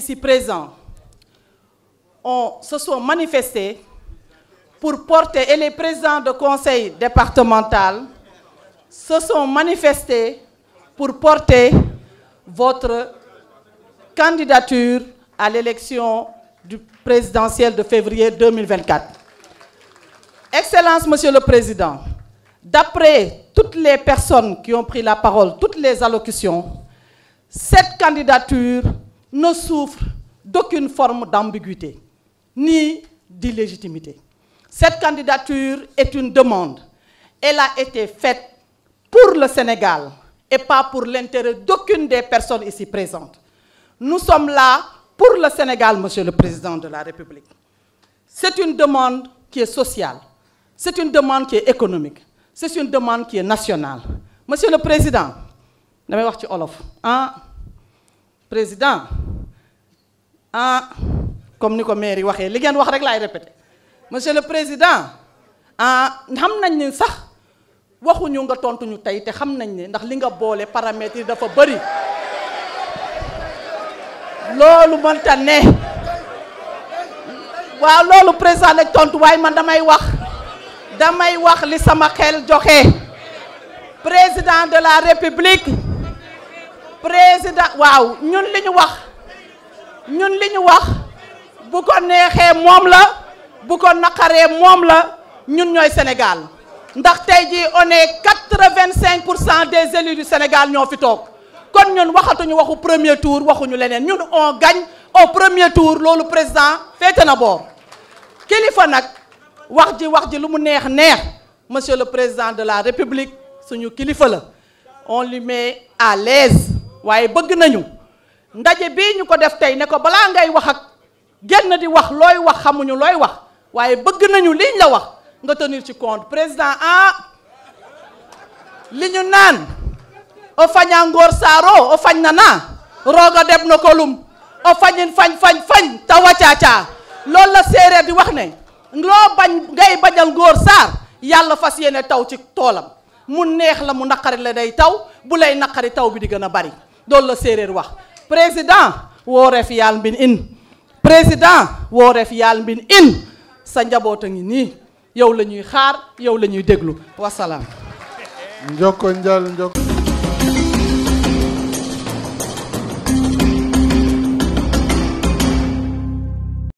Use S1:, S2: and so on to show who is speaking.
S1: ici présents ont, se pour porter, et les présidents de conseil départemental se sont manifestés pour porter votre candidature à l'élection présidentielle de février 2024. Excellence, Monsieur le Président, d'après toutes les personnes qui ont la parole, toutes les allocutions, ne souffre d'aucune forme d'ambiguïté ni d'illégitimité. Cette candidature est une demande. Elle a été faite pour le Sénégal et pas pour l'intérêt d'aucune des personnes ici présentes. Nous sommes là pour le Sénégal, Monsieur le Président de la République. C'est une demande qui est sociale, c'est une demande qui est économique, c'est une demande qui est nationale. Monsieur le Président damay wax ci olof ah président ah comme ni ko maire yi waxee li ngeen wax rek laay répété monsieur le président ah xam nañ ne sax waxuñu nga tontuñu tey te xam nañ ne ndax li nga boole paramètres yi dafa bëri loolu mënta ne waaw loolu président nag tontu waaye man damay wax damay wax li sama xel joxe président de la république président waaw ñun li ñu wax. ñun li ñu wax bu ko neexee moom la bu ko naqaree moom la ñun ñooy Sénégal ndax tey jii on est quatre-vingt-cinq pour cent des élus du Sénégal ñoo fi toog kon ñun waxatuñu waxu premier tour waxuñu leneen ñun on gagne au premier tour loolu président féete na boor kilifa nag wax ji wax ji lu mu neex neex monsieur le président de la république suñu kilifa la on lui met à l'aise waaye bëgg nañu ndaje bii ñu ko def tey ne ko balaa ngay wax ak génn di wax looy wax xamuñu looy wax waaye bëgg nañu liñ la wax nga tenir ci compte président ah li ñu naan o faña ngoor saaro o fañ na na rooga deb na kolum o fañin fañ fañ fañ ta wacaacaa loolu la séeréer di wax ne loo bañ ngay bañal ngóor saar yàlla fas yéene taw ci toolam mu neex la mu naqari la day taw bu lay naqari taw bi di gën a bari loolu la séeréer wax président woore fi yaal mbin in président woore fi yaal mbin in sa njaboot a ngi nii yow la ñuy xaar yow la ñuy déglu wasalaam njoko njal njoko